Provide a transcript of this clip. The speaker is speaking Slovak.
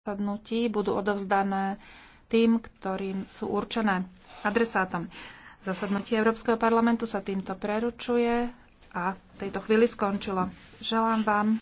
zasadnutí budú odovzdané tým, ktorým sú určené adresátom. Zasadnutie Európskeho parlamentu sa týmto preručuje a v tejto chvíli skončilo. Želám vám